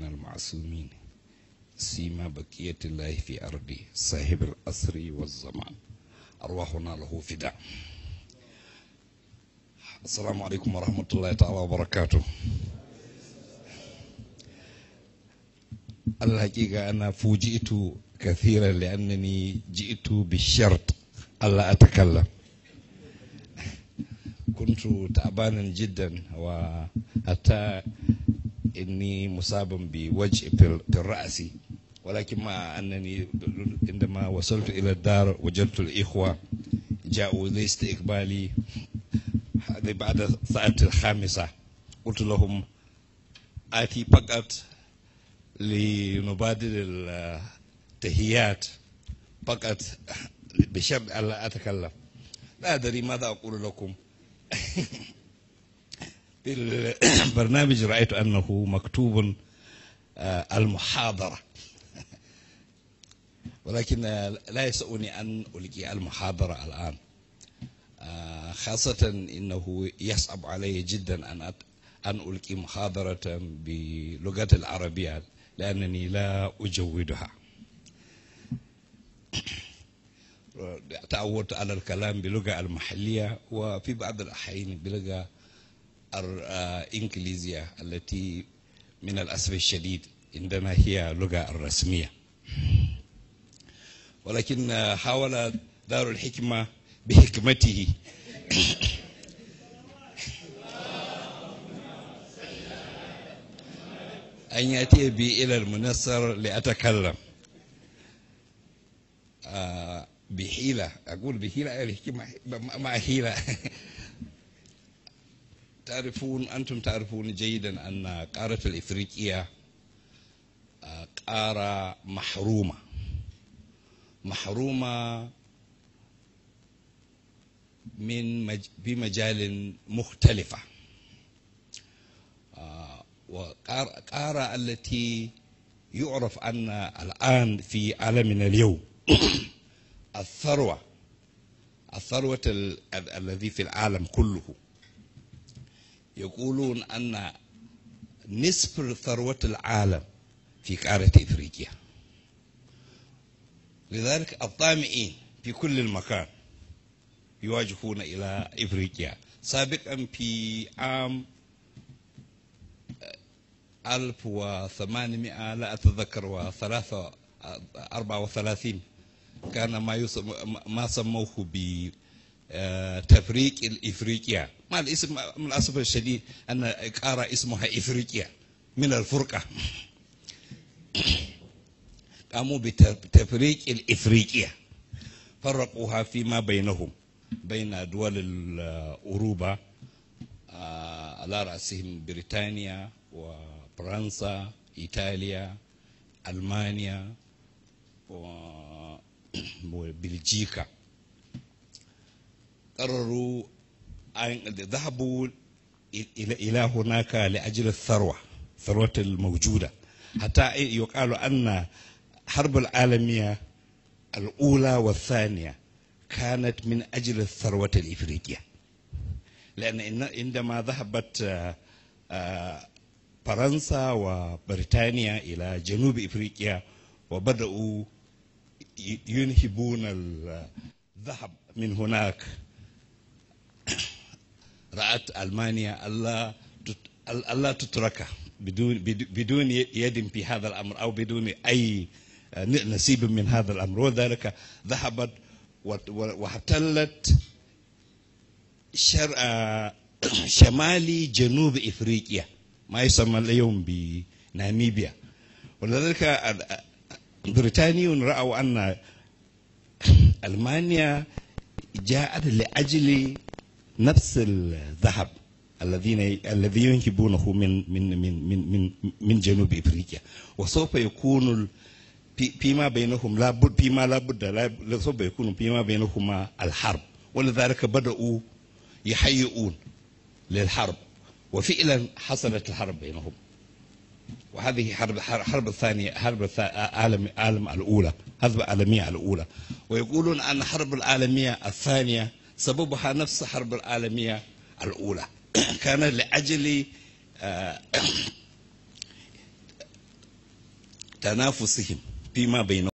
من المعصومين سيما بكية الله في أرضي صاحب الأسر والزمان أرواحنا له فداء السلام عليكم ورحمة الله تعالى وبركاته الحقيقة أنا فوجئت كثيرا لأنني جئت بالشرط ألا أتكلم كنت تعبانا جدا وحتى أني مصاب بوجع في الرأس ولكن ما أنني عندما وصلت إلى الدار وجدت الإخوة جاءوا لاستقبالي بعد الساعة الخامسة قلت لهم آتي فقط لنبادر التهيات فقط بشب ألا أتكلم لا أدري ماذا أقول لكم البرنامج رأيت أنه مكتوب آه، المحاضرة ولكن آه، لا يسعني أن ألقي المحاضرة الآن آه، خاصة إنه يصعب علي جدا أن أن ألقي محاضرة بلغة العربية لأنني لا أجودها تعودت على الكلام بلغة المحلية وفي بعض الأحيان بلغة الإنجليزية التي من الأسف الشديد عندنا هي اللغة الرسمية ولكن حاول دار الحكمة بحكمته أن يأتي بي إلى المنصر لأتكلم آه، بحيلة أقول بحيلة مع حيلة تعرفون أنتم تعرفون جيدا أن قارة الإفريقية آه، قارة محرومة محرومة من مج... بمجال مختلفة آه، وقارة التي يعرف أن الآن في عالمنا اليوم الثروة الثروة ال... الذي في العالم كله يقولون أن نصف ثروة العالم في قارة إفريقيا لذلك الطامئين في كل المكان يواجهون إلى إفريقيا سابقا في عام 1800 لا أتذكر وثلاثة 34 كان ما ما سموه ب آه، تفريق الإفريقيا ما الاسم من الأسف الشديد أن قارة اسمها إفريقيا من الفرقة قاموا بتفريق الإفريقيا فرقوها فيما بينهم بين دول الأوروبا آه، على رأسهم بريطانيا وفرنسا إيطاليا ألمانيا وبلجيكا قرروا أن ذهبوا إلى إلى هناك لأجل الثروة الثروة الموجودة حتى يقال أن حرب العالمية الأولى والثانية كانت من أجل الثروة الإفريقية لأن عندما ذهبت آه، آه، فرنسا وبريطانيا إلى جنوب إفريقيا وبدأوا ينهبون الذهب من هناك رأت ألمانيا ألا تترك بدون بدون يد في هذا الأمر أو بدون أي آه، نسيب من هذا الأمر وذلك ذهبت واحتلت آه، شمالي جنوب إفريقيا ما يسمى اليوم بناميبيا ولذلك البريطانيون آه، رأوا أن ألمانيا جاءت لأجل نفس الذهب الذين الذي ينجبونه من من من من من, من جنوب افريقيا وسوف يكون فيما بينهم لابد فيما لابد سوف يكون فيما بينهما الحرب ولذلك بدأوا يهيئون للحرب وفعلا حصلت الحرب بينهم وهذه حرب حرب الثانية حرب العالم العالم الأولى حرب العالمية الأولى ويقولون أن الحرب العالمية الثانية سببها نفس الحرب العالمية الأولى كان لأجل آه، تنافسهم فيما بينهم